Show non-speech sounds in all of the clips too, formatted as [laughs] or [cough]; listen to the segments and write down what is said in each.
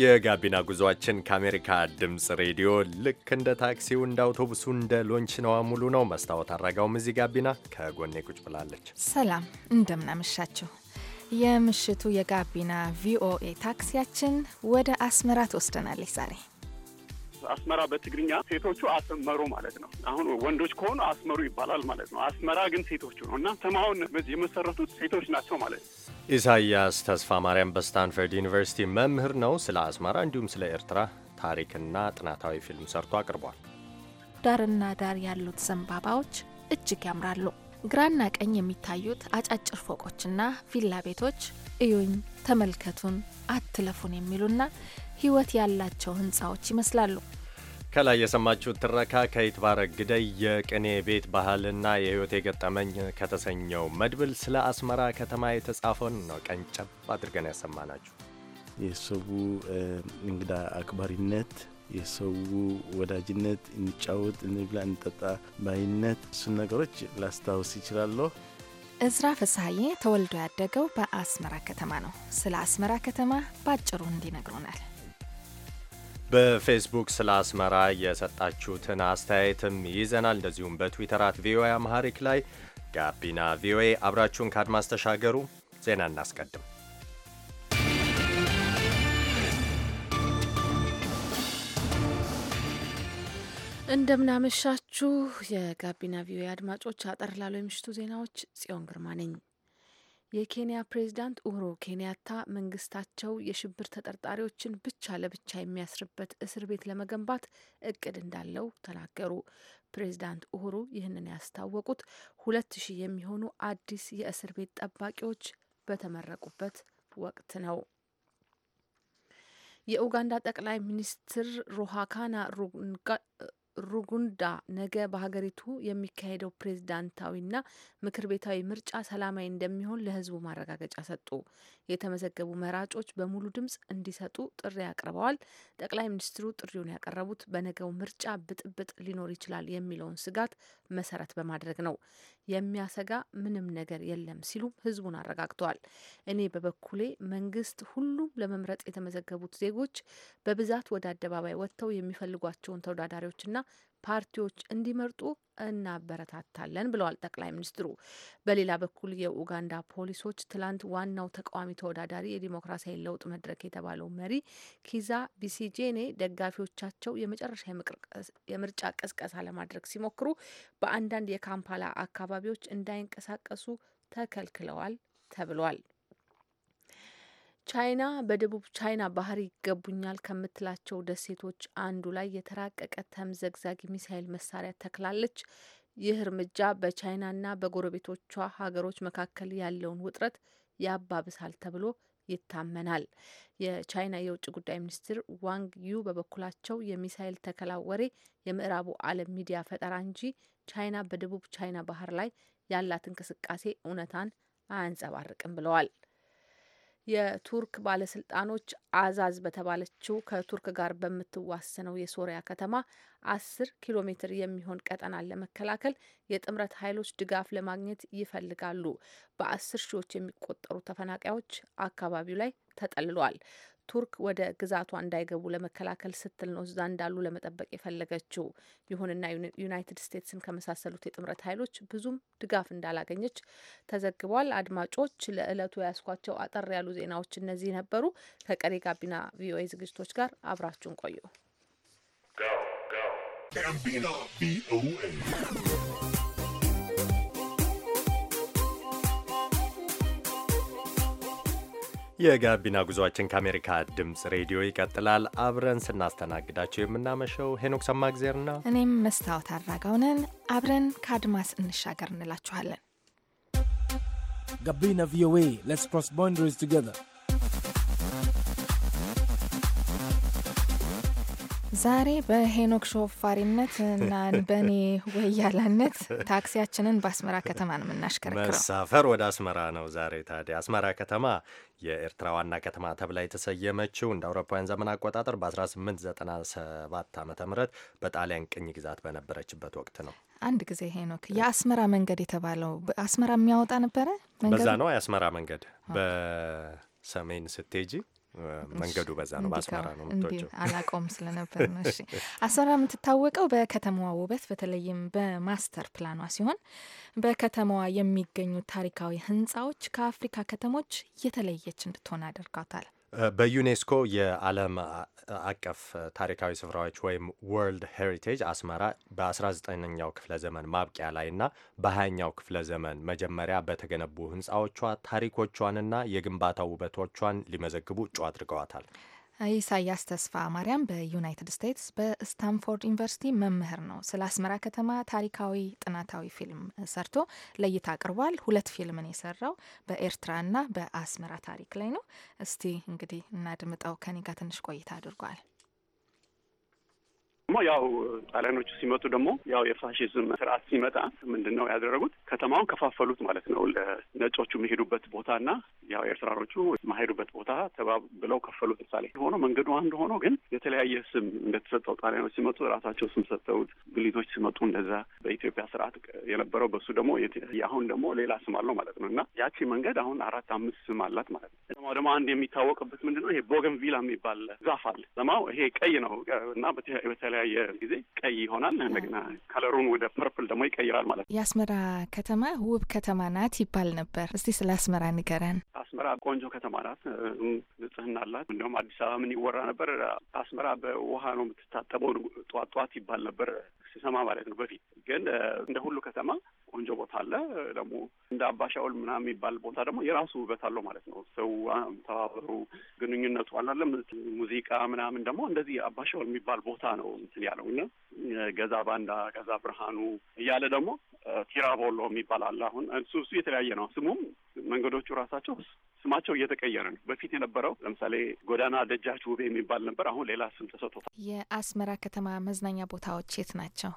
የጋቢና ጉዞአችን ከአሜሪካ ድምፅ ሬዲዮ ልክ እንደ ታክሲው እንደ አውቶቡሱ እንደ ነዋ ሙሉ ነው። መስታወት አረጋውም እዚህ ጋቢና ከጎኔ ቁጭ ብላለች። ሰላም እንደምናመሻችሁ። የምሽቱ የጋቢና ቪኦኤ ታክሲያችን ወደ አስመራ ትወስደናለች ዛሬ አስመራ በትግርኛ ሴቶቹ አስመሮ ማለት ነው። አሁን ወንዶች ከሆኑ አስመሩ ይባላል ማለት ነው። አስመራ ግን ሴቶቹ ነው እና ተማውን የመሰረቱት ሴቶች ናቸው ማለት ነው። ኢሳያስ ተስፋ ማርያም በስታንፈርድ ዩኒቨርሲቲ መምህር ነው። ስለ አስመራ እንዲሁም ስለ ኤርትራ ታሪክና ጥናታዊ ፊልም ሰርቶ አቅርቧል። ዳርና ዳር ያሉት ዘንባባዎች እጅግ ያምራሉ። ግራና ቀኝ የሚታዩት አጫጭር ፎቆችና ቪላ ቤቶች እዩኝ፣ ተመልከቱን፣ አትለፉን የሚሉና ህይወት ያላቸው ህንፃዎች ይመስላሉ። ከላይ የሰማችሁት ትረካ ከይትባረክ ግደይ የቅኔ ቤት ባህልና የህይወት የገጠመኝ ከተሰኘው መድብል ስለ አስመራ ከተማ የተጻፈውን ነው ቀንጨብ አድርገን ያሰማናችሁ። የሰቡ እንግዳ አክባሪነት የሰው ወዳጅነት፣ እንጫወት፣ እንብላ፣ እንጠጣ ባይነት እሱን ነገሮች ላስታውስ ይችላለሁ። እዝራ ፍስሀዬ ተወልዶ ያደገው በአስመራ ከተማ ነው። ስለ አስመራ ከተማ በአጭሩ እንዲነግሩናል። በፌስቡክ ስለ አስመራ የሰጣችሁትን አስተያየትም ይዘናል። እንደዚሁም በትዊተር አት ቪኦኤ አማሐሪክ ላይ ጋቢና ቪኦኤ አብራችሁን ከአድማስ ተሻገሩ። ዜና እናስቀድም። እንደምናመሻችሁ የጋቢና ቪዮ አድማጮች፣ አጠር ላሉ የምሽቱ ዜናዎች ጽዮን ግርማ ነኝ። የኬንያ ፕሬዚዳንት ኡሁሩ ኬንያታ መንግስታቸው የሽብር ተጠርጣሪዎችን ብቻ ለብቻ የሚያስርበት እስር ቤት ለመገንባት እቅድ እንዳለው ተናገሩ። ፕሬዚዳንት ኡሁሩ ይህንን ያስታወቁት ሁለት ሺህ የሚሆኑ አዲስ የእስር ቤት ጠባቂዎች በተመረቁበት ወቅት ነው። የኡጋንዳ ጠቅላይ ሚኒስትር ሩሃካና ሩጉንዳ ነገ በሀገሪቱ የሚካሄደው ፕሬዝዳንታዊና ምክር ቤታዊ ምርጫ ሰላማዊ እንደሚሆን ለህዝቡ ማረጋገጫ ሰጡ። የተመዘገቡ መራጮች በሙሉ ድምጽ እንዲሰጡ ጥሪ አቅርበዋል። ጠቅላይ ሚኒስትሩ ጥሪውን ያቀረቡት በነገው ምርጫ ብጥብጥ ሊኖር ይችላል የሚለውን ስጋት መሰረት በማድረግ ነው። የሚያሰጋ ምንም ነገር የለም ሲሉም ህዝቡን አረጋግተዋል። እኔ በበኩሌ መንግስት ሁሉም ለመምረጥ የተመዘገቡት ዜጎች በብዛት ወደ አደባባይ ወጥተው የሚፈልጓቸውን ተወዳዳሪዎችና ፓርቲዎች እንዲመርጡ እናበረታታለን ብለዋል ጠቅላይ ሚኒስትሩ። በሌላ በኩል የኡጋንዳ ፖሊሶች ትላንት ዋናው ተቃዋሚ ተወዳዳሪ የዲሞክራሲያዊ ለውጥ መድረክ የተባለው መሪ ኪዛ ቢሲጄኔ ደጋፊዎቻቸው የመጨረሻ የምርጫ ቅስቀሳ ለማድረግ ሲሞክሩ በአንዳንድ የካምፓላ አካባቢዎች እንዳይንቀሳቀሱ ተከልክለዋል ተብሏል። ቻይና በደቡብ ቻይና ባህር ይገቡኛል ከምትላቸው ደሴቶች አንዱ ላይ የተራቀቀ ተምዘግዛጊ ሚሳይል መሳሪያ ተክላለች። ይህ እርምጃ በቻይናና በጎረቤቶቿ ሀገሮች መካከል ያለውን ውጥረት ያባብሳል ተብሎ ይታመናል። የቻይና የውጭ ጉዳይ ሚኒስትር ዋንግ ዩ በበኩላቸው የሚሳይል ተከላ ወሬ የምዕራቡ ዓለም ሚዲያ ፈጠራ እንጂ ቻይና በደቡብ ቻይና ባህር ላይ ያላት እንቅስቃሴ እውነታን አያንጸባርቅም ብለዋል። የቱርክ ባለስልጣኖች አዛዝ በተባለችው ከቱርክ ጋር በምትዋሰነው የሶሪያ ከተማ አስር ኪሎ ሜትር የሚሆን ቀጠናን ለመከላከል የጥምረት ኃይሎች ድጋፍ ለማግኘት ይፈልጋሉ። በአስር ሺዎች የሚቆጠሩ ተፈናቃዮች አካባቢው ላይ ተጠልለዋል። ቱርክ ወደ ግዛቷ እንዳይገቡ ለመከላከል ስትል ነው እዛ እንዳሉ ለመጠበቅ የፈለገችው። ይሁንና ዩናይትድ ስቴትስን ከመሳሰሉት የጥምረት ኃይሎች ብዙም ድጋፍ እንዳላገኘች ተዘግቧል። አድማጮች፣ ለዕለቱ ያስኳቸው አጠር ያሉ ዜናዎች እነዚህ ነበሩ። ከቀሪ ጋቢና ቪኦኤ ዝግጅቶች ጋር አብራችሁን ቆዩ። ጋቢና ቪኦኤ የጋቢና ጉዟችን ከአሜሪካ ድምፅ ሬዲዮ ይቀጥላል። አብረን ስናስተናግዳቸው የምናመሸው ሄኖክ ሰማግዜርና እኔም መስታወት አድራጋው ነን። አብረን ከአድማስ እንሻገር እንላችኋለን። ጋቢና ቪኦኤ ሌትስ ክሮስ ባውንደሪስ ቱጌዘር ዛሬ በሄኖክ ሾፋሪነት እና በእኔ ወያላነት ታክሲያችንን በአስመራ ከተማ ነው የምናሽከረክረው። መሳፈር ወደ አስመራ ነው ዛሬ። ታዲያ አስመራ ከተማ የኤርትራ ዋና ከተማ ተብላ የተሰየመችው እንደ አውሮፓውያን ዘመን አቆጣጠር በ1897 ዓ ም በጣሊያን ቅኝ ግዛት በነበረችበት ወቅት ነው። አንድ ጊዜ ሄኖክ የአስመራ መንገድ የተባለው አስመራ የሚያወጣ ነበረ። በዛ ነው የአስመራ መንገድ በሰሜን ስቴጂ መንገዱ በዛ ነው። በአስመራ ነው ምትወጪው? አላቆም ስለነበር ነው። እሺ፣ [laughs] አስመራ የምትታወቀው በከተማዋ ውበት በተለይም በማስተር ፕላኗ ሲሆን በከተማዋ የሚገኙ ታሪካዊ ሕንፃዎች ከአፍሪካ ከተሞች የተለየች እንድትሆን አድርጓታል። በዩኔስኮ የዓለም አቀፍ ታሪካዊ ስፍራዎች ወይም ወርልድ ሄሪቴጅ አስመራ በ19ኛው ክፍለ ዘመን ማብቂያ ላይ ና በ20ኛው ክፍለ ዘመን መጀመሪያ በተገነቡ ህንፃዎቿ ታሪኮቿንና የግንባታ ውበቶቿን ሊመዘግቡ እጩ አድርገዋታል። ኢሳያስ ተስፋ ማርያም በዩናይትድ ስቴትስ በስታንፎርድ ዩኒቨርሲቲ መምህር ነው። ስለ አስመራ ከተማ ታሪካዊ ጥናታዊ ፊልም ሰርቶ ለእይታ አቅርቧል። ሁለት ፊልምን የሰራው በኤርትራና በአስመራ ታሪክ ላይ ነው። እስቲ እንግዲህ እናድምጠው። ከኔ ጋር ትንሽ ቆይታ አድርጓል። ያው ጣሊያኖቹ ሲመጡ ደግሞ ያው የፋሽዝም ስርዓት ሲመጣ ምንድን ነው ያደረጉት? ከተማውን ከፋፈሉት ማለት ነው። ነጮቹ የሚሄዱበት ቦታና ያው ኤርትራኖቹ የማሄዱበት ቦታ ተባብ ብለው ከፈሉት። ምሳሌ ሆኖ መንገዱ አንድ ሆኖ ግን የተለያየ ስም እንደተሰጠው ጣሊያኖች ሲመጡ ራሳቸው ስም ሰጠውት። ግሊቶች ሲመጡ እንደዛ በኢትዮጵያ ስርዓት የነበረው በሱ ደግሞ አሁን ደግሞ ሌላ ስም አለው ማለት ነው። እና ያቺ መንገድ አሁን አራት አምስት ስም አላት ማለት ነው። ከተማው ደግሞ አንድ የሚታወቅበት ምንድን ነው ይሄ ቦገን ቪላ የሚባል ዛፍ አለ። ከተማው ይሄ ቀይ ነው እና በተለያ በተለያየ ጊዜ ቀይ ይሆናል። እንደገና ከለሩን ወደ ፐርፕል ደግሞ ይቀይራል ማለት ነው። የአስመራ ከተማ ውብ ከተማ ናት ይባል ነበር። እስቲ ስለ አስመራ ንገረን። አስመራ ቆንጆ ከተማ ናት፣ ንጽህና አላት። እንዲሁም አዲስ አበባ ምን ይወራ ነበር? አስመራ በውሃ ነው የምትታጠበው ጠዋት ጠዋት ይባል ነበር። ስሰማ ማለት ነው። በፊት ግን እንደ ሁሉ ከተማ ቆንጆ ቦታ አለ። ደግሞ እንደ አባሻውል ምናምን የሚባል ቦታ ደግሞ የራሱ ውበት አለው ማለት ነው። ሰው ተባበሩ፣ ግንኙነቱ አላለም ሙዚቃ ምናምን ደግሞ እንደዚህ አባሻውል የሚባል ቦታ ነው እንትን ያለው እና ገዛ ባንዳ፣ ገዛ ብርሃኑ እያለ ደግሞ ቲራቦሎ የሚባል አለ። አሁን እሱ እሱ የተለያየ ነው ስሙም መንገዶቹ ራሳቸው ስማቸው እየተቀየረ ነው። በፊት የነበረው ለምሳሌ ጎዳና ደጃች ውቤ የሚባል ነበር። አሁን ሌላ ስም ተሰጥቶታል። የአስመራ ከተማ መዝናኛ ቦታዎች የት ናቸው?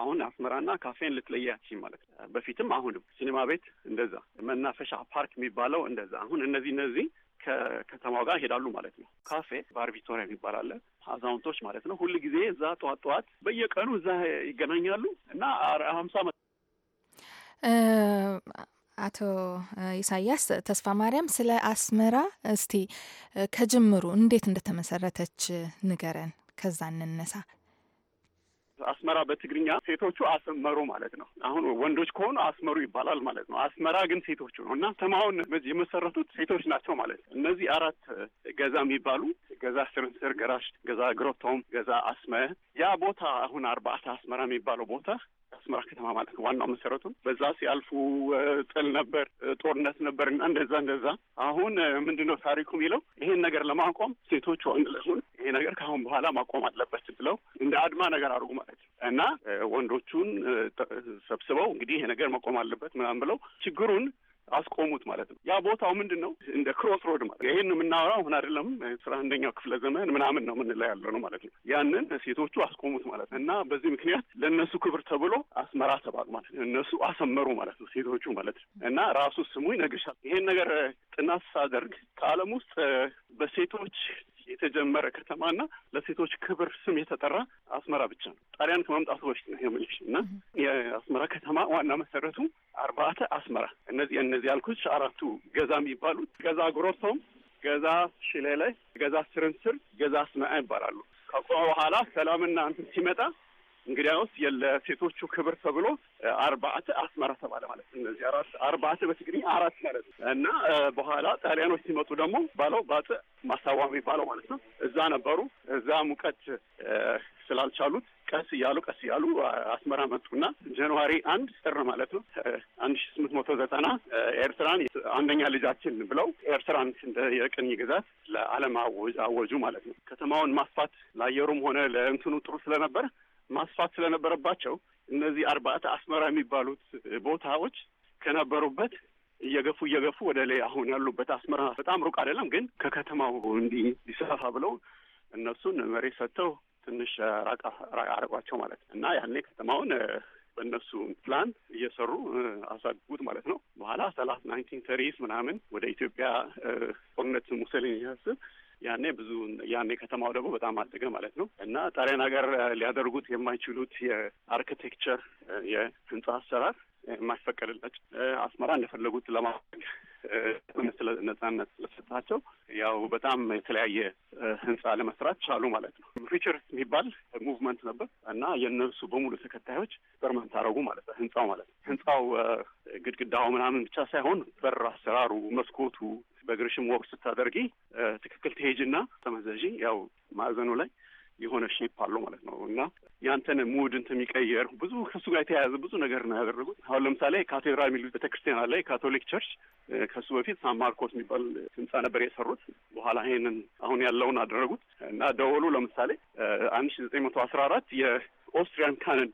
አሁን አስመራና ካፌን ልትለያች ማለት ነው። በፊትም አሁንም ሲኒማ ቤት እንደዛ፣ መናፈሻ ፓርክ የሚባለው እንደዛ። አሁን እነዚህ እነዚህ ከከተማው ጋር ይሄዳሉ ማለት ነው። ካፌ ባር ቪቶሪያ የሚባል አለ። አዛውንቶች ማለት ነው ሁል ጊዜ እዛ ጠዋት ጠዋት በየቀኑ እዛ ይገናኛሉ እና ሀምሳ አቶ ኢሳያስ ተስፋ ማርያም ስለ አስመራ እስቲ ከጅምሩ እንዴት እንደተመሰረተች ንገረን። ከዛ እንነሳ። አስመራ በትግርኛ ሴቶቹ አሰመሩ ማለት ነው። አሁን ወንዶች ከሆኑ አስመሩ ይባላል ማለት ነው። አስመራ ግን ሴቶቹ ነው እና ተማውን የመሰረቱት ሴቶች ናቸው ማለት ነው። እነዚህ አራት ገዛ የሚባሉ ገዛ ስርንስር፣ ገራሽ፣ ገዛ ግሮቶም፣ ገዛ አስመ ያ ቦታ አሁን አርባዕተ አስመራ የሚባለው ቦታ አስመራ ከተማ ማለት ነው። ዋናው መሰረቱም በዛ ሲያልፉ ጥል ነበር፣ ጦርነት ነበር እና እንደዛ እንደዛ። አሁን ምንድን ነው ታሪኩ የሚለው ይሄን ነገር ለማቆም ሴቶች ወንድ ለሁን ይሄ ነገር ከአሁን በኋላ ማቆም አለበት ብለው እንደ አድማ ነገር አድርጉ ማለት እና ወንዶቹን ሰብስበው እንግዲህ ይሄ ነገር መቆም አለበት ምናምን ብለው ችግሩን አስቆሙት ማለት ነው። ያ ቦታው ምንድን ነው? እንደ ክሮስ ሮድ ማለት ይህን የምናወራው አሁን አይደለም ስራ አንደኛው ክፍለ ዘመን ምናምን ነው ምንላ ያለው ነው ማለት ነው። ያንን ሴቶቹ አስቆሙት ማለት ነው። እና በዚህ ምክንያት ለእነሱ ክብር ተብሎ አስመራ ተባሉ ማለት ነው። እነሱ አሰመሩ ማለት ነው፣ ሴቶቹ ማለት ነው። እና ራሱ ስሙ ይነግርሻል። ይሄን ነገር ጥናት ሳደርግ ከዓለም ውስጥ በሴቶች የተጀመረ ከተማ ከተማና ለሴቶች ክብር ስም የተጠራ አስመራ ብቻ ነው። ጣሊያን ከመምጣቱ በፊት ነው የምልሽ እና የአስመራ ከተማ ዋና መሰረቱ አርባዕተ አስመራ እነዚህ እነዚህ ያልኩች አራቱ ገዛ የሚባሉት ገዛ ግሮቶም፣ ገዛ ሽሌላይ፣ ገዛ ስርንስር፣ ገዛ አስመያ ይባላሉ። ከቆመ በኋላ ሰላምና እንትን ሲመጣ እንግዲያውስ የለሴቶቹ ክብር ተብሎ አርባዕተ አስመራ ተባለ ማለት ነው። እነዚህ አራት አርባዕተ በትግርኛ አራት ማለት ነው እና በኋላ ጣሊያኖች ሲመጡ ደግሞ ባለው ባጥ ማሳዋ የሚባለው ማለት ነው። እዛ ነበሩ። እዛ ሙቀት ስላልቻሉት ቀስ እያሉ ቀስ እያሉ አስመራ መጡና ጃንዋሪ አንድ ጥር ማለት ነው አንድ ሺ ስምንት መቶ ዘጠና ኤርትራን አንደኛ ልጃችን ብለው ኤርትራን እንደ የቅኝ ግዛት ለዓለም አወጁ ማለት ነው። ከተማውን ማስፋት ለአየሩም ሆነ ለእንትኑ ጥሩ ስለነበረ ማስፋት ስለነበረባቸው እነዚህ አርባዕተ አስመራ የሚባሉት ቦታዎች ከነበሩበት እየገፉ እየገፉ ወደ ላይ አሁን ያሉበት አስመራ በጣም ሩቅ አይደለም፣ ግን ከከተማው ሊሰፋ ብለው እነሱን መሬት ሰጥተው ትንሽ አረቋቸው ማለት ነው። እና ያኔ ከተማውን በእነሱ ፕላን እየሰሩ አሳድጉት ማለት ነው። በኋላ ሰላት ናይንቲን ተሪስ ምናምን ወደ ኢትዮጵያ ጦርነት ሙሰሊን ያስብ ያኔ ብዙ ያኔ ከተማው ደግሞ በጣም አደገ ማለት ነው እና ጣሊያን ሀገር ሊያደርጉት የማይችሉት የአርክቴክቸር የህንጻ አሰራር የማይፈቀድላቸው አስመራ እንደፈለጉት ለማድረግ ነጻነት ስለሰጣቸው ያው በጣም የተለያየ ህንጻ ለመስራት ቻሉ ማለት ነው። ፊቸር የሚባል ሙቭመንት ነበር እና የእነሱ በሙሉ ተከታዮች ኤክስፐሪመንት አደረጉ ማለት ነው። ህንጻው ማለት ነው። ህንጻው ግድግዳው ምናምን ብቻ ሳይሆን በር አሰራሩ፣ መስኮቱ፣ በእግርሽም ወቅት ስታደርጊ ትክክል ትሄጅና ተመዘዢ። ያው ማዕዘኑ ላይ የሆነ ሼፕ አለው ማለት ነው እና ያንተን ሙድ እንትን የሚቀየር ብዙ ከሱ ጋር የተያያዘ ብዙ ነገር ነው ያደረጉት። አሁን ለምሳሌ ካቴድራል የሚሉት ቤተክርስቲያን አለ፣ የካቶሊክ ቸርች። ከሱ በፊት ሳን ማርኮስ የሚባል ህንጻ ነበር የሰሩት። በኋላ ይሄንን አሁን ያለውን አደረጉት እና ደወሉ። ለምሳሌ አንድ ሺ ዘጠኝ መቶ አስራ አራት የኦስትሪያን ካንን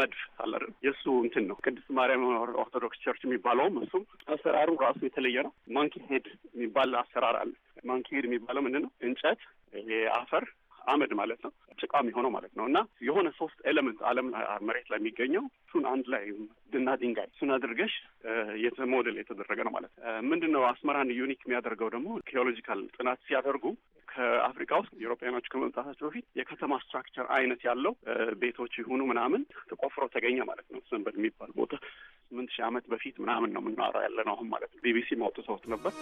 መድፍ አለ የእሱ እንትን ነው። ቅድስት ማርያም ኦርቶዶክስ ቸርች የሚባለውም እሱም አሰራሩ ራሱ የተለየ ነው። ማንኪ ሄድ የሚባል አሰራር አለ። ማንኪ ሄድ የሚባለው ምንድን ነው? እንጨት ይሄ አፈር አመድ ማለት ነው ጭቃ የሚሆነው ማለት ነው እና የሆነ ሶስት ኤለመንት አለም መሬት ላይ የሚገኘው እሱን አንድ ላይ ድና ድንጋይ እሱን አድርገሽ ሞዴል የተደረገ ነው ማለት ነው። ምንድን ነው አስመራን ዩኒክ የሚያደርገው ደግሞ ኪኦሎጂካል ጥናት ሲያደርጉ ከአፍሪካ ውስጥ ኢሮፓያኖች ከመምጣታቸው በፊት የከተማ ስትራክቸር አይነት ያለው ቤቶች ይሁኑ ምናምን ተቆፍሮ ተገኘ ማለት ነው። ሰንበድ የሚባል ቦታ ስምንት ሺህ ዓመት በፊት ምናምን ነው የምናወራው ያለ ነው አሁን ማለት ነው። ቢቢሲ ማውጥተውት ነበር።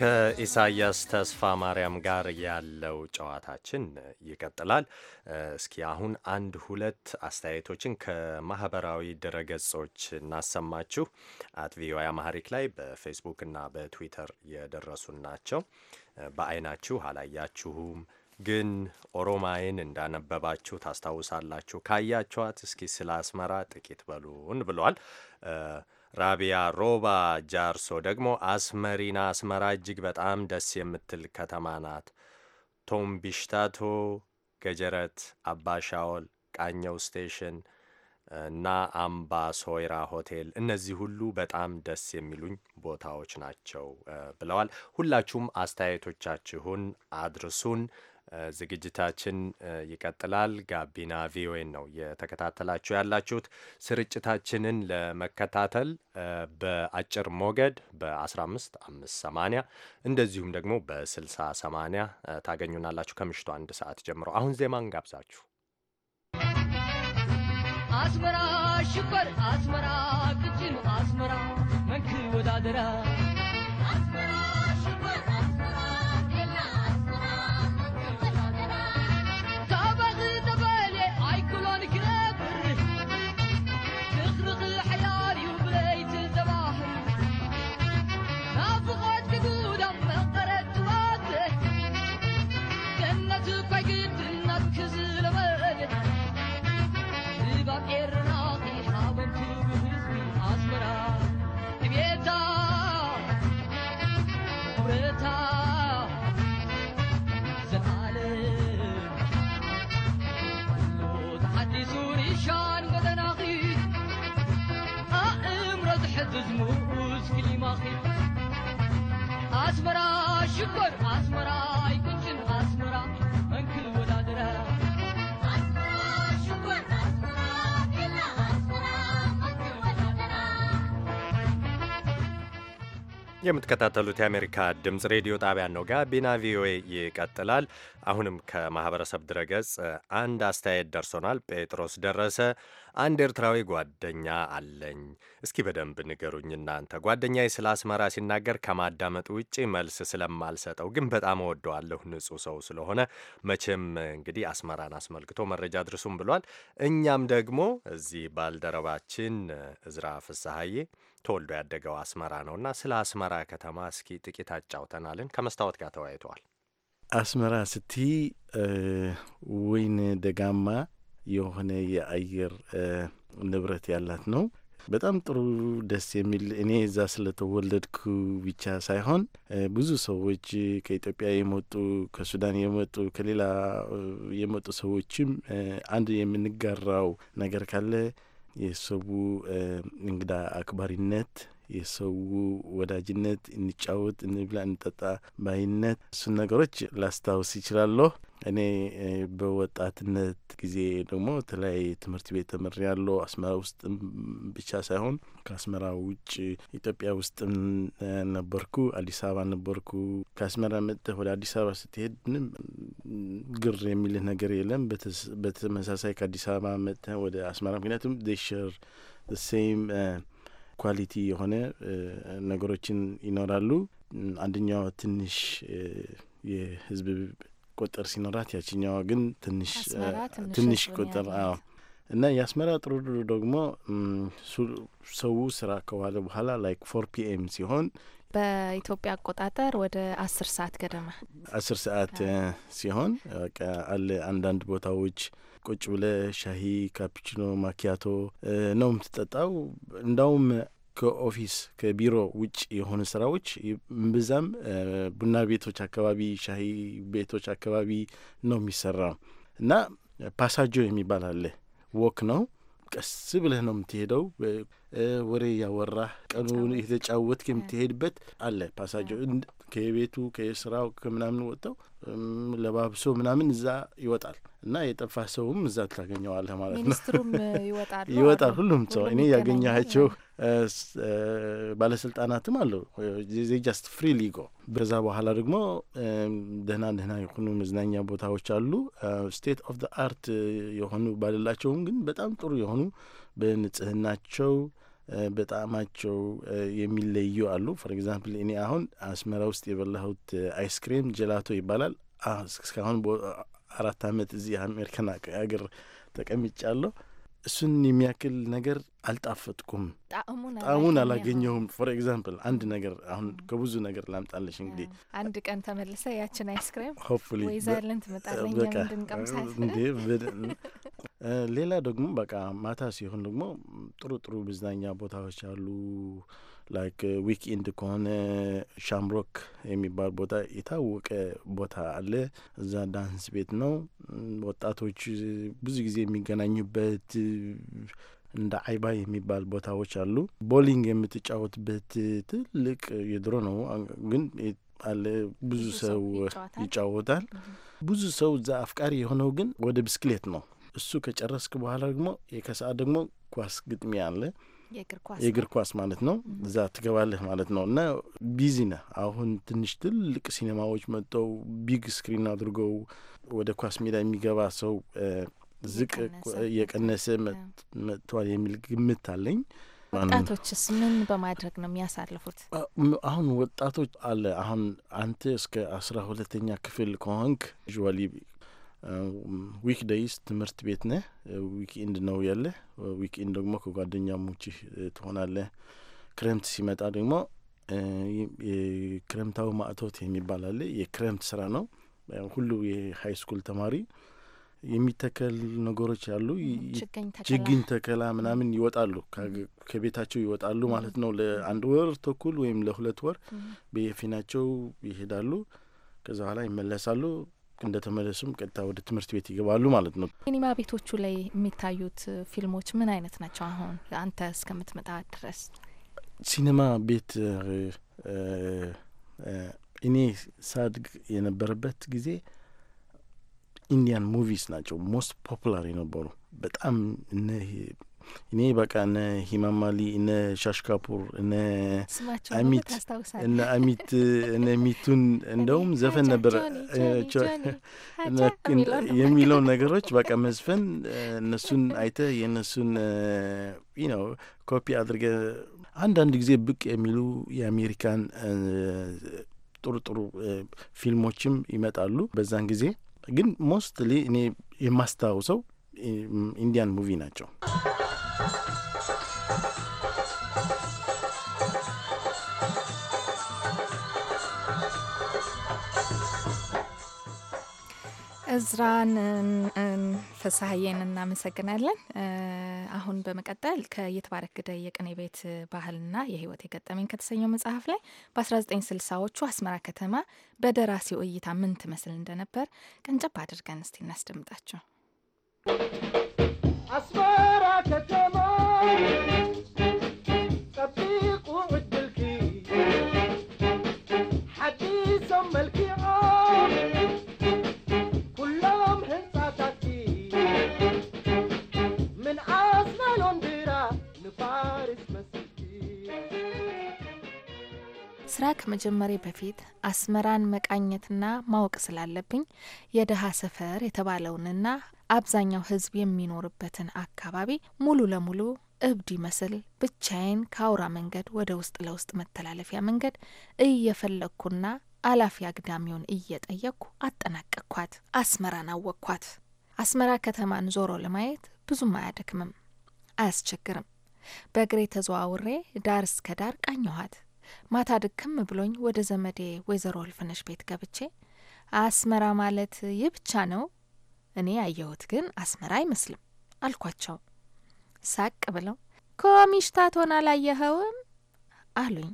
ከኢሳያስ ተስፋ ማርያም ጋር ያለው ጨዋታችን ይቀጥላል። እስኪ አሁን አንድ ሁለት አስተያየቶችን ከማህበራዊ ድረገጾች እናሰማችሁ። አት ቪኦኤ አማሪክ ላይ በፌስቡክ እና በትዊተር የደረሱን ናቸው። በአይናችሁ አላያችሁም፣ ግን ኦሮማይን እንዳነበባችሁ ታስታውሳላችሁ። ካያችኋት እስኪ ስለ አስመራ ጥቂት በሉን ብሏል። ራቢያ ሮባ ጃርሶ ደግሞ አስመሪና አስመራ እጅግ በጣም ደስ የምትል ከተማ ናት። ቶምቢሽታቶ፣ ገጀረት፣ አባሻወል፣ ቃኘው ስቴሽን እና አምባ ሶይራ ሆቴል እነዚህ ሁሉ በጣም ደስ የሚሉኝ ቦታዎች ናቸው ብለዋል። ሁላችሁም አስተያየቶቻችሁን አድርሱን። ዝግጅታችን ይቀጥላል። ጋቢና ቪኦኤን ነው የተከታተላችሁ ያላችሁት። ስርጭታችንን ለመከታተል በአጭር ሞገድ በ15580 እንደዚሁም ደግሞ በ6080 ታገኙናላችሁ ከምሽቱ አንድ ሰዓት ጀምሮ። አሁን ዜማን ጋብዛችሁ አስመራ ሽበር አስመራ ቅጭኑ አስመራ መንክ ወዳደራ የምትከታተሉት የአሜሪካ ድምፅ ሬዲዮ ጣቢያን ነው። ጋቢና ቪኦኤ ይቀጥላል። አሁንም ከማህበረሰብ ድረገጽ አንድ አስተያየት ደርሶናል። ጴጥሮስ ደረሰ አንድ ኤርትራዊ ጓደኛ አለኝ። እስኪ በደንብ ንገሩኝ እናንተ። ጓደኛዬ ስለ አስመራ ሲናገር ከማዳመጥ ውጪ መልስ ስለማልሰጠው ግን በጣም እወደዋለሁ። ንጹሕ ሰው ስለሆነ መቼም እንግዲህ አስመራን አስመልክቶ መረጃ ድርሱም ብሏል። እኛም ደግሞ እዚህ ባልደረባችን እዝራ ፍስሐዬ ተወልዶ ያደገው አስመራ ነው እና ስለ አስመራ ከተማ እስኪ ጥቂት አጫውተናልን። ከመስታወት ጋር ተወያይተዋል። አስመራ ስቲ ወይን ደጋማ የሆነ የአየር ንብረት ያላት ነው። በጣም ጥሩ ደስ የሚል እኔ እዛ ስለተወለድኩ ብቻ ሳይሆን ብዙ ሰዎች ከኢትዮጵያ የመጡ ከሱዳን የመጡ ከሌላ የመጡ ሰዎችም አንድ የምንጋራው ነገር ካለ የሰው እንግዳ አክባሪነት፣ የሰው ወዳጅነት፣ እንጫወት፣ እንብላ፣ እንጠጣ ባይነት እሱን ነገሮች ላስታውስ ይችላለሁ። እኔ በወጣትነት ጊዜ ደግሞ የተለያየ ትምህርት ቤት ተምር ያለው አስመራ ውስጥም ብቻ ሳይሆን ከአስመራ ውጭ ኢትዮጵያ ውስጥም ነበርኩ፣ አዲስ አበባ ነበርኩ። ከአስመራ መጥተህ ወደ አዲስ አበባ ስትሄድ ምንም ግር የሚልህ ነገር የለም። በተመሳሳይ ከአዲስ አበባ መጥተህ ወደ አስመራ ምክንያቱም ዴሸር ሴም ኳሊቲ የሆነ ነገሮችን ይኖራሉ። አንደኛው ትንሽ የህዝብ ቁጥር ሲኖራት ያችኛዋ ግን ትንሽ ቁጥር አዎ እና የአስመራ ጥሩ ደግሞ ሰው ስራ ከዋለ በኋላ ላይክ ፎር ፒኤም ሲሆን በኢትዮጵያ አቆጣጠር ወደ አስር ሰዓት ገደማ አስር ሰዓት ሲሆን አለ አንዳንድ ቦታዎች ቁጭ ብለ ሻሂ ካፒችኖ ማኪያቶ ነው የምትጠጣው። እንዳውም ከኦፊስ ከቢሮ ውጭ የሆኑ ስራዎች ብዛም ቡና ቤቶች አካባቢ፣ ሻሂ ቤቶች አካባቢ ነው የሚሰራው እና ፓሳጆ የሚባል አለ። ወክ ነው። ቀስ ብለህ ነው የምትሄደው። ወሬ እያወራህ ቀኑ የተጫወትክ የምትሄድበት አለ ፓሳጆ። ከቤቱ ከየስራው ከምናምን ወጥተው ለባብሶ ምናምን እዛ ይወጣል እና የጠፋ ሰውም እዛ ታገኘዋለህ ማለት ነው። [laughs] ይወጣል ሁሉም ሰው እኔ ያገኘቸው ባለስልጣናትም አለው ጀስት ፍሪ ሊጎ። በዛ በኋላ ደግሞ ደህና ደህና የሆኑ መዝናኛ ቦታዎች አሉ። ስቴት ኦፍ ዘ አርት የሆኑ ባልላቸውም ግን በጣም ጥሩ የሆኑ በንጽህናቸው በጣዕማቸው የሚለዩ አሉ። ፎር ኤግዛምፕል እኔ አሁን አስመራ ውስጥ የበላሁት አይስክሬም ጀላቶ ይባላል። እስካሁን አራት ዓመት እዚህ አሜሪካን አገር ተቀምጫለሁ። እሱን የሚያክል ነገር አልጣፈጥኩም፣ ጣዕሙን አላገኘሁም። ፎር ኤግዛምፕል አንድ ነገር አሁን ከብዙ ነገር ላምጣለሽ። እንግዲህ አንድ ቀን ተመልሰ ያችን አይስክሬም ሆፕፉሊ ወይዛለን ሌላ ደግሞ በቃ ማታ ሲሆን ደግሞ ጥሩ ጥሩ መዝናኛ ቦታዎች አሉ። ላይክ ዊክኢንድ uh, ከሆነ ሻምሮክ የሚባል ቦታ የታወቀ ቦታ አለ። እዛ ዳንስ ቤት ነው፣ ወጣቶች ብዙ ጊዜ የሚገናኙበት እንደ አይባ የሚባል ቦታዎች አሉ። ቦሊንግ የምትጫወትበት ትልቅ የድሮ ነው ግን አለ ብዙ ሰው ይጫወታል። ብዙ ሰው እዛ አፍቃሪ የሆነው ግን ወደ ብስክሌት ነው። እሱ ከጨረስክ በኋላ ደግሞ የከሰዓት ደግሞ ኳስ ግጥሚያ አለ። የእግር ኳስ ማለት ነው። እዛ ትገባለህ ማለት ነው እና ቢዚ ነህ። አሁን ትንሽ ትልቅ ሲኔማዎች መጥተው ቢግ ስክሪን አድርገው ወደ ኳስ ሜዳ የሚገባ ሰው ዝቅ የቀነሰ መጥተዋል የሚል ግምት አለኝ። ወጣቶችስ ምን በማድረግ ነው የሚያሳልፉት? አሁን ወጣቶች አለ አሁን አንተ እስከ አስራ ሁለተኛ ክፍል ከሆንክ ዥዋሊ ደይስ ትምህርት ቤት ነ ዊክኢንድ ነው ያለ ዊክኢንድ ደግሞ ከጓደኛ ከጓደኛሞችህ ትሆናለ ክረምት ሲመጣ ደግሞ የክረምታዊ ማዕቶት የሚባል አለ። የክረምት ስራ ነው። ሁሉ የሀይ ስኩል ተማሪ የሚተከል ነገሮች አሉ። ችግኝ ተከላ ምናምን ይወጣሉ፣ ከቤታቸው ይወጣሉ ማለት ነው። ለአንድ ወር ተኩል ወይም ለሁለት ወር በየፊናቸው ይሄዳሉ። ከዛ በኋላ ይመለሳሉ። ተመለሱም ቀጥታ ወደ ትምህርት ቤት ይገባሉ ማለት ነው። ሲኒማ ቤቶቹ ላይ የሚታዩት ፊልሞች ምን አይነት ናቸው? አሁን አንተ እስከምትመጣ ድረስ ሲኒማ ቤት እኔ ሳድግ የነበረበት ጊዜ ኢንዲያን ሙቪስ ናቸው ሞስት ፖፑላር የነበሩ በጣም እነ እኔ በቃ እነ ሂማማሊ እነ ሻሽካፑር እነ አሚት እነ አሚት እነ ሚቱን እንደውም ዘፈን ነበር የሚለው ነገሮች በቃ መዝፈን እነሱን አይተ የእነሱን ነው ኮፒ አድርገ አንዳንድ ጊዜ ብቅ የሚሉ የአሜሪካን ጥሩ ጥሩ ፊልሞችም ይመጣሉ። በዛን ጊዜ ግን ሞስትሊ እኔ የማስታውሰው ኢንዲያን ሙቪ ናቸው። እዝራን ፍስሀዬን እናመሰግናለን። አሁን በመቀጠል ከየተባረክ ግደይ የቅኔ ቤት ባህልና የህይወት የገጠመኝ ከተሰኘው መጽሐፍ ላይ በ1960ዎቹ አስመራ ከተማ በደራሲው እይታ ምን ትመስል እንደነበር ቀንጨብ አድርገን እስቲ እናስደምጣቸው። ስራ ከመጀመሪ በፊት አስመራን መቃኘትና ማወቅ ስላለብኝ የደሀ ሰፈር የተባለውንና አብዛኛው ሕዝብ የሚኖርበትን አካባቢ ሙሉ ለሙሉ እብድ ይመስል ብቻዬን ከአውራ መንገድ ወደ ውስጥ ለውስጥ መተላለፊያ መንገድ እየፈለግኩና አላፊ አግዳሚውን እየጠየቅኩ አጠናቀቅኳት። አስመራን አወቅኳት። አስመራ ከተማን ዞሮ ለማየት ብዙም አያደክምም፣ አያስቸግርም። በእግሬ ተዘዋውሬ ዳር እስከ ዳር ቃኘኋት። ማታ ድክም ብሎኝ ወደ ዘመዴ ወይዘሮ እልፍነሽ ቤት ገብቼ አስመራ ማለት ይህ ብቻ ነው እኔ ያየሁት ግን አስመራ አይመስልም አልኳቸው። ሳቅ ብለው ኮሚሽታቶን አላየኸውም አሉኝ።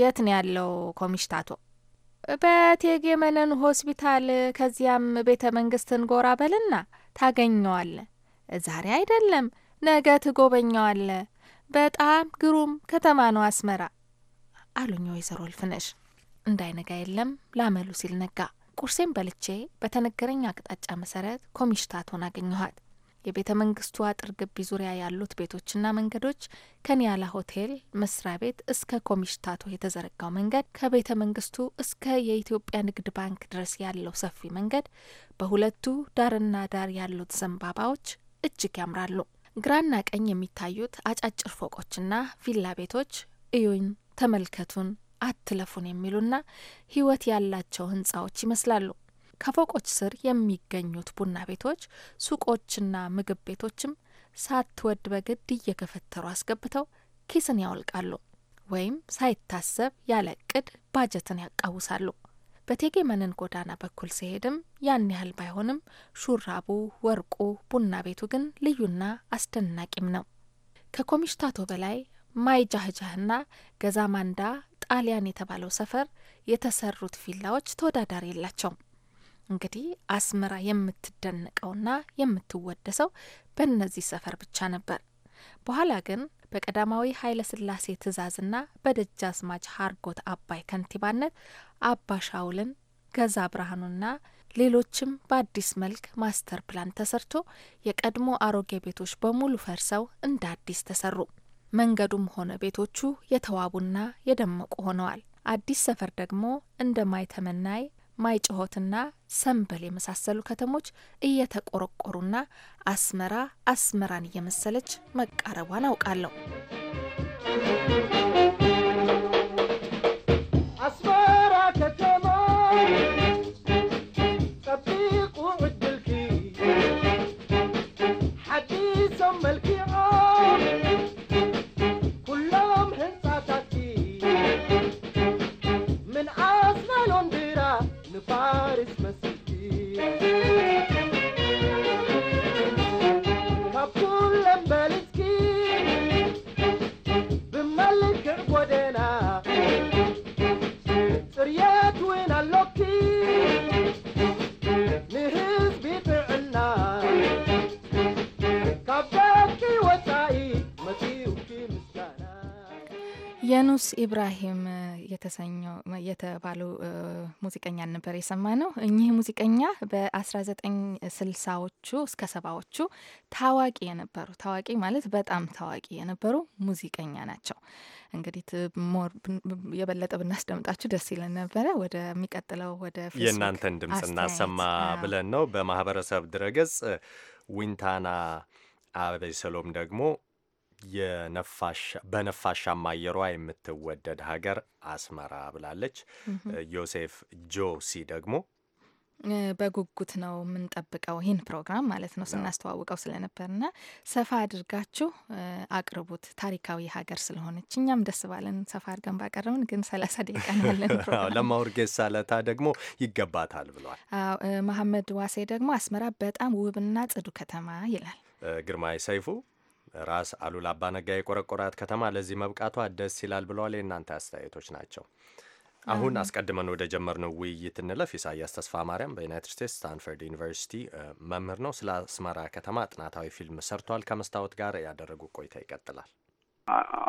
የት ነው ያለው ኮሚሽታቶ? በቴጌ መነን ሆስፒታል። ከዚያም ቤተ መንግስትን ጎራ በልና ታገኘዋለ። ዛሬ አይደለም ነገ ትጎበኘዋለ። በጣም ግሩም ከተማ ነው አስመራ። አሉኝ ወይዘሮ እልፍነሽ። እንዳይነጋ የለም ላመሉ ሲል ነጋ። ቁርሴን በልቼ በተነገረኝ አቅጣጫ መሰረት ኮሚሽታቶን አገኘኋት። የቤተ መንግስቱ አጥር ግቢ ዙሪያ ያሉት ቤቶችና መንገዶች ከኒያላ ሆቴል መስሪያ ቤት እስከ ኮሚሽታቶ የተዘረጋው መንገድ፣ ከቤተ መንግስቱ እስከ የኢትዮጵያ ንግድ ባንክ ድረስ ያለው ሰፊ መንገድ፣ በሁለቱ ዳርና ዳር ያሉት ዘንባባዎች እጅግ ያምራሉ። ግራና ቀኝ የሚታዩት አጫጭር ፎቆችና ቪላ ቤቶች እዩኝ ተመልከቱን፣ አትለፉን የሚሉና ህይወት ያላቸው ህንጻዎች ይመስላሉ። ከፎቆች ስር የሚገኙት ቡና ቤቶች፣ ሱቆችና ምግብ ቤቶችም ሳትወድ በግድ እየገፈተሩ አስገብተው ኪስን ያወልቃሉ ወይም ሳይታሰብ ያለ እቅድ ባጀትን ያቃውሳሉ። በቴጌ መነን ጎዳና በኩል ሲሄድም ያን ያህል ባይሆንም ሹራቡ፣ ወርቁ፣ ቡና ቤቱ ግን ልዩና አስደናቂም ነው። ከኮሚሽታቶ በላይ ማይጃህጃህና ማንዳ ጣሊያን የተባለው ሰፈር የተሰሩት ቪላዎች ተወዳዳሪ የላቸውም። እንግዲህ አስመራ የምትደነቀውና የምትወደሰው በእነዚህ ሰፈር ብቻ ነበር። በኋላ ግን በቀዳማዊ ኃይለ ሥላሴ ትእዛዝና በደጃዝማች ሀርጎት አባይ ከንቲባነት አባ ሻውልን፣ ገዛ ብርሃኑና ሌሎችም በአዲስ መልክ ማስተር ፕላን ተሰርቶ የቀድሞ አሮጌ ቤቶች በሙሉ ፈርሰው እንደ አዲስ ተሰሩ። መንገዱም ሆነ ቤቶቹ የተዋቡና የደመቁ ሆነዋል። አዲስ ሰፈር ደግሞ እንደ ማይተመናይ ማይጨሆትና ሰንበል የመሳሰሉ ከተሞች እየተቆረቆሩና አስመራ አስመራን እየመሰለች መቃረቧን አውቃለሁ። ኢብራሂም የተሰኘው የተባሉ ሙዚቀኛ ነበር የሰማ ነው። እኚህ ሙዚቀኛ በ ዘጠኝ ስልሳዎቹ እስከ ሰባዎቹ ታዋቂ የነበሩ ታዋቂ ማለት በጣም ታዋቂ የነበሩ ሙዚቀኛ ናቸው። እንግዲህ ሞር የበለጠ ብናስደምጣችሁ ደስ ይለን ነበረ። ወደሚቀጥለው ወደ የእናንተን ድምጽ እናሰማ ብለን ነው። በማህበረሰብ ድረገጽ ዊንታና ሰሎም ደግሞ በነፋሻማ አየሯ የምትወደድ ሀገር አስመራ ብላለች። ዮሴፍ ጆሲ ደግሞ በጉጉት ነው የምንጠብቀው ይህን ፕሮግራም ማለት ነው ስናስተዋውቀው ስለነበርና ሰፋ አድርጋችሁ አቅርቡት። ታሪካዊ ሀገር ስለሆነች እኛም ደስ ባለን ሰፋ አድርገን ባቀረብን፣ ግን ሰላሳ ደቂቃ ነው ያለን። [laughs] ለማውርጌሳ ለታ ደግሞ ይገባታል ብሏል። መሐመድ ዋሴ ደግሞ አስመራ በጣም ውብና ጽዱ ከተማ ይላል። ግርማይ ሰይፉ ራስ አሉላ አባነጋ የቆረቆራት ከተማ ለዚህ መብቃቷ ደስ ይላል ብለዋል። የእናንተ አስተያየቶች ናቸው። አሁን አስቀድመን ወደ ጀመርነው ውይይት እንለፍ። ኢሳያስ ተስፋ ማርያም በዩናይትድ ስቴትስ ስታንፈርድ ዩኒቨርሲቲ መምህር ነው። ስለ አስመራ ከተማ ጥናታዊ ፊልም ሰርቷል። ከመስታወት ጋር ያደረጉ ቆይታ ይቀጥላል።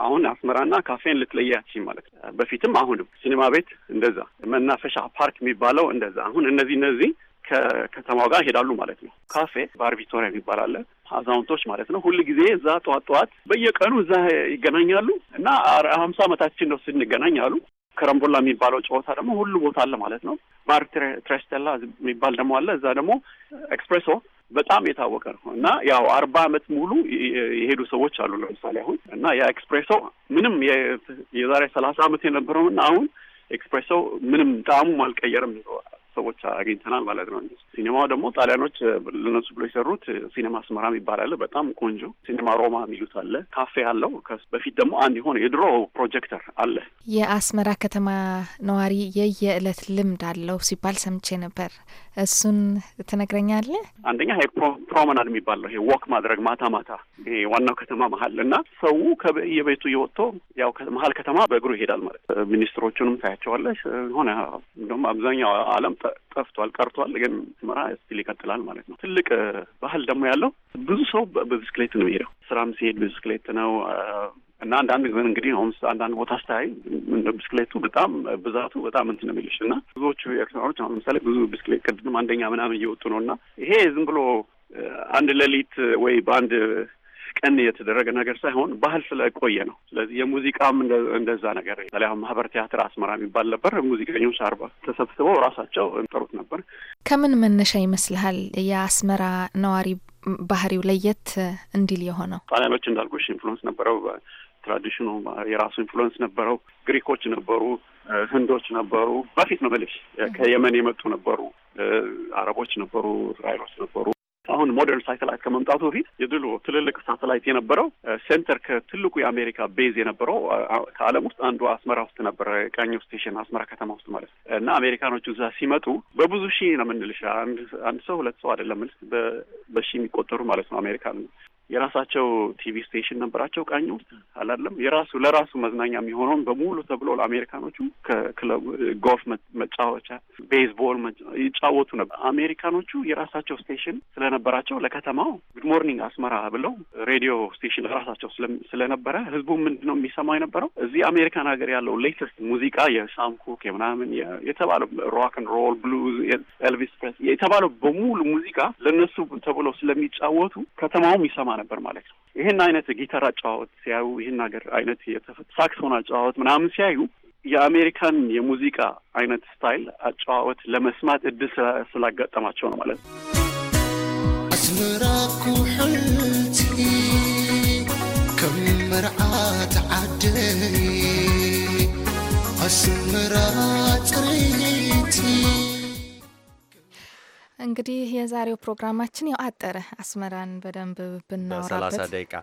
አሁን አስመራና ካፌን ልትለያች ማለት በፊትም አሁንም ሲኒማ ቤት እንደዛ መናፈሻ ፓርክ የሚባለው እንደዛ አሁን እነዚህ እነዚህ ከከተማው ጋር ይሄዳሉ ማለት ነው። ካፌ ባር ቪቶሪያ የሚባል አለ። አዛውንቶች ማለት ነው። ሁል ጊዜ እዛ ጠዋት ጠዋት በየቀኑ እዛ ይገናኛሉ እና ሀምሳ ዓመታችን ነው ስንገናኝ አሉ። ከረምቦላ የሚባለው ጨዋታ ደግሞ ሁሉ ቦታ አለ ማለት ነው። ባር ትሬስቴላ የሚባል ደግሞ አለ። እዛ ደግሞ ኤክስፕሬሶ በጣም የታወቀ ነው እና ያው አርባ ዓመት ሙሉ የሄዱ ሰዎች አሉ። ለምሳሌ አሁን እና ያ ኤክስፕሬሶ ምንም የዛሬ ሰላሳ ዓመት የነበረውና አሁን ኤክስፕሬሶ ምንም ጣዕሙም አልቀየርም ሰዎች አግኝተናል ማለት ነው። ሲኔማው ደግሞ ጣሊያኖች ለነሱ ብሎ የሰሩት ሲኔማ አስመራ የሚባል በጣም ቆንጆ ሲኔማ ሮማ የሚሉት አለ፣ ካፌ አለው። በፊት ደግሞ አንድ የሆነ የድሮ ፕሮጀክተር አለ። የአስመራ ከተማ ነዋሪ የየዕለት ልምድ አለው ሲባል ሰምቼ ነበር። እሱን ትነግረኛለህ? አንደኛ ይሄ ፕሮመናድ የሚባል ነው። ይሄ ወክ ማድረግ ማታ ማታ ይሄ ዋናው ከተማ መሀል እና ሰው ከየቤቱ እየወጥቶ ያው መሀል ከተማ በእግሩ ይሄዳል ማለት ሚኒስትሮቹንም ታያቸዋለች ሆነ እንደውም አብዛኛው ዓለም ጠፍቷል ቀርቷል፣ ግን ምራ ስቲል ይቀጥላል ማለት ነው። ትልቅ ባህል ደግሞ ያለው ብዙ ሰው በብስክሌት ነው የሚሄደው። ስራም ሲሄድ ብስክሌት ነው እና አንዳንድ ጊዜ እንግዲህ አሁን አንዳንድ ቦታ ስታይ ብስክሌቱ በጣም ብዛቱ በጣም እንትን ነው የሚልሽ እና ብዙዎቹ ኤርትራኖች አሁን ለምሳሌ ብዙ ብስክሌት ቅድም አንደኛ ምናምን እየወጡ ነው እና ይሄ ዝም ብሎ አንድ ሌሊት ወይ በአንድ ቀን የተደረገ ነገር ሳይሆን ባህል ስለቆየ ነው። ስለዚህ የሙዚቃም እንደዛ ነገር በተለይ ማህበር ቲያትር አስመራ የሚባል ነበር። ሙዚቀኞች አርባ ተሰብስበው ራሳቸው እንጠሩት ነበር። ከምን መነሻ ይመስልሃል የአስመራ ነዋሪ ባህሪው ለየት እንዲል የሆነው? ጣሊያኖች እንዳልኩሽ ኢንፍሉወንስ ነበረው። ትራዲሽኑ የራሱ ኢንፍሉወንስ ነበረው። ግሪኮች ነበሩ፣ ህንዶች ነበሩ። በፊት ነው የምልሽ ከየመን የመጡ ነበሩ፣ አረቦች ነበሩ፣ እስራኤሎች ነበሩ። አሁን ሞደርን ሳተላይት ከመምጣቱ በፊት የድሮ ትልልቅ ሳተላይት የነበረው ሴንተር ከትልቁ የአሜሪካ ቤዝ የነበረው ከዓለም ውስጥ አንዱ አስመራ ውስጥ ነበረ። ቀኞ ስቴሽን አስመራ ከተማ ውስጥ ማለት ነው። እና አሜሪካኖቹ እዛ ሲመጡ በብዙ ሺህ ነው የምንልሽ አንድ ሰው ሁለት ሰው አይደለም በሺህ የሚቆጠሩ ማለት ነው አሜሪካን የራሳቸው ቲቪ ስቴሽን ነበራቸው። ቃኝ ውስጥ አላለም የራሱ ለራሱ መዝናኛ የሚሆነውን በሙሉ ተብሎ ለአሜሪካኖቹ ከክለብ ጎልፍ መጫወቻ፣ ቤዝቦል ይጫወቱ ነበር። አሜሪካኖቹ የራሳቸው ስቴሽን ስለነበራቸው ለከተማው ጉድ ሞርኒንግ አስመራ ብለው ሬዲዮ ስቴሽን ለራሳቸው ስለነበረ ህዝቡ ምንድን ነው የሚሰማው የነበረው እዚህ አሜሪካን ሀገር ያለው ሌተስት ሙዚቃ የሳም ኩክ የምናምን የተባለው ሮክን ሮል፣ ብሉዝ፣ ኤልቪስ ፕሬስ የተባለው በሙሉ ሙዚቃ ለእነሱ ተብሎ ስለሚጫወቱ ከተማውም ይሰማ ነበር ማለት ነው። ይህን አይነት ጊታር አጨዋወት ሲያዩ፣ ይህን ሀገር አይነት ሳክሶን አጨዋወት ምናምን ሲያዩ የአሜሪካን የሙዚቃ አይነት ስታይል አጨዋወት ለመስማት እድል ስላጋጠማቸው ነው ማለት ነው። ኣስመራኩ እንግዲህ የዛሬው ፕሮግራማችን ያው አጠረ። አስመራን በደንብ ብናወራበት በሰላሳ ደቂቃ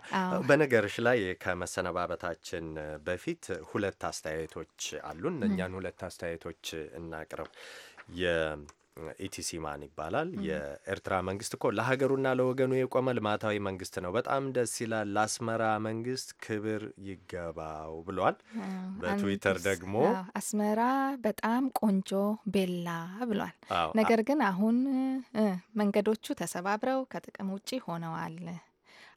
በነገርሽ ላይ ከመሰነባበታችን በፊት ሁለት አስተያየቶች አሉን። እኛን ሁለት አስተያየቶች እናቅርብ። ኢቲሲ ማን ይባላል። የኤርትራ መንግስት እኮ ለሀገሩና ለወገኑ የቆመ ልማታዊ መንግስት ነው፣ በጣም ደስ ይላል፣ ለአስመራ መንግስት ክብር ይገባው ብሏል። በትዊተር ደግሞ አስመራ በጣም ቆንጆ ቤላ ብሏል። ነገር ግን አሁን መንገዶቹ ተሰባብረው ከጥቅም ውጪ ሆነዋል።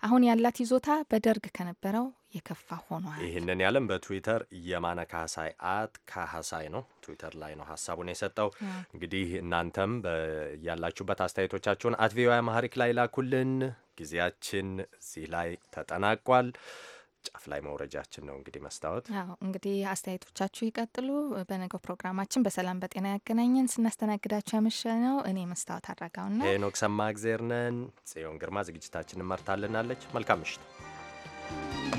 አሁን ያላት ይዞታ በደርግ ከነበረው የከፋ ሆኗል። ይህንን ያለም በትዊተር የማነ ካህሳይ አት ካህሳይ ነው ትዊተር ላይ ነው ሀሳቡን የሰጠው። እንግዲህ እናንተም ያላችሁበት አስተያየቶቻችሁን አት ቪኦኤ አማሪክ ላይ ላኩልን። ጊዜያችን እዚህ ላይ ተጠናቋል። ጫፍ ላይ መውረጃችን ነው። እንግዲህ መስታወት እንግዲህ አስተያየቶቻችሁ ይቀጥሉ። በነገው ፕሮግራማችን በሰላም በጤና ያገናኘን። ስናስተናግዳችሁ ያመሸ ነው እኔ መስታወት ነው ሄኖክ ሰማ እግዜር ነን። ጽዮን ግርማ ዝግጅታችንን መርታልናለች። መልካም ምሽት።